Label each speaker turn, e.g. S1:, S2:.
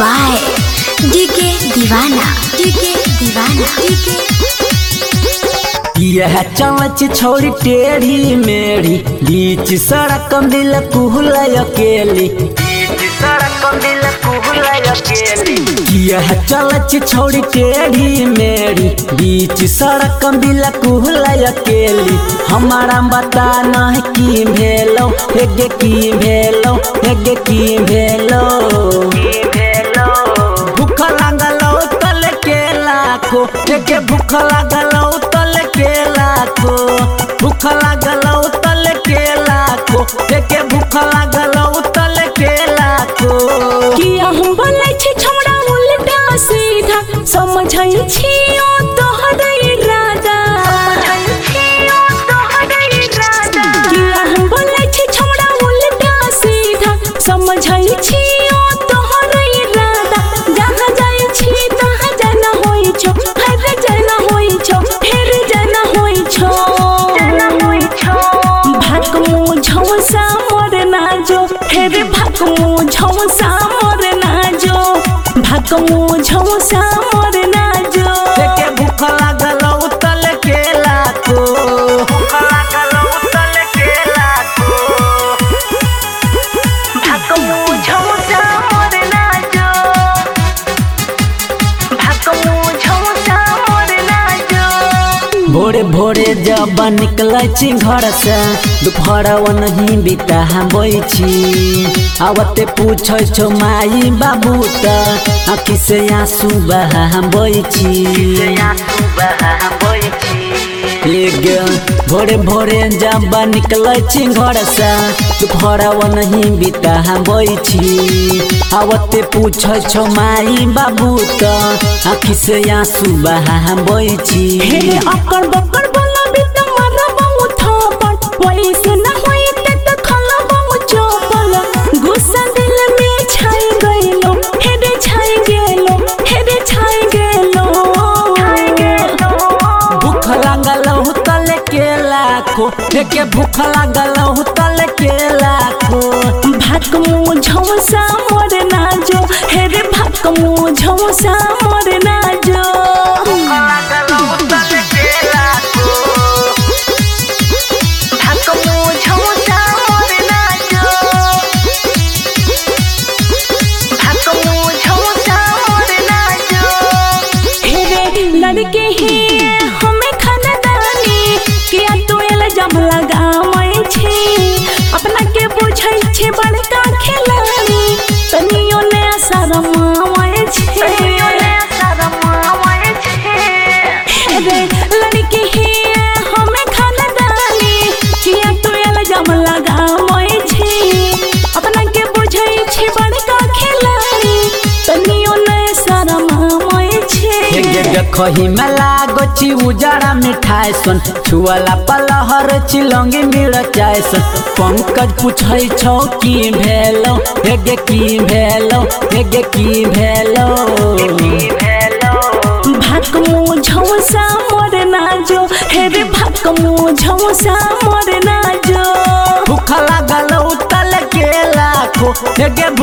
S1: Bye DK दीवाना DK दीवाना DK यह चमच छोड़ी टेढ़ी मेढ़ी बीच सड़क मिल कुहल अकेली यह चलच छोड़ी टेढ़ी मेरी बीच सड़क मिल कुहल अकेली हमारा बता नहीं कि भेलो एगे की भेलो एगे की भेलो, की भेलो। लाखो के भूख लागल तल के लाखो भूख लागल तल के लाखो के भूख लागल तल के लाखो
S2: किया हम बोलै छी छोड़ा उल्टा सीधा समझै छी ঝমসা মোর নাজো ভাগ মো ঝমসা
S1: भोरे जब निकलै छी घर से दुपहरवा नहीं बिता हबै छी आवते पूछै छौ माई बाबू त आखि से आंसू बहा हबै छी चली गया भोरे भोरे जाबा निकल घर से घरव नहीं बीता हम छी आवते पूछ छो माई बाबू तो आखी से आंसू बहा हम छी हे अकर बकर बोला बीता मारा के भूख लागल हूँ तल के लाखो भाक मुझ मोर
S2: ना जो हे रे भाक मुझ मोर
S1: कही मेला गोची उजाड़ा मिठाई सुन छुआला पलहर चिलंगी मिल जाए सुन पंकज पूछ छो की भेलो हेगे की भेलो हेगे की भेलो भक
S2: मुझो सा जो हे रे मुझो सा
S1: जो लागल उतल के लाखो हेगे